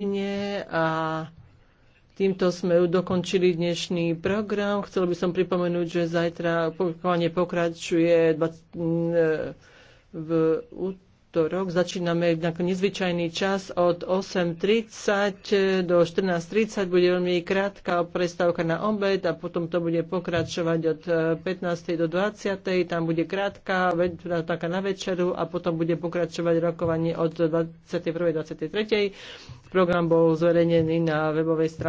Nie a Týmto sme dokončili dnešný program. Chcel by som pripomenúť, že zajtra pokračuje e, v útorok. Začíname nejaký nezvyčajný čas od 8.30 do 14.30. Bude veľmi krátka prestávka na obed a potom to bude pokračovať od 15. Eh, do 20.00. Tam bude krátka, taká na večeru a potom bude pokračovať rokovanie od 23. Program bol zverejnený na webovej stránke.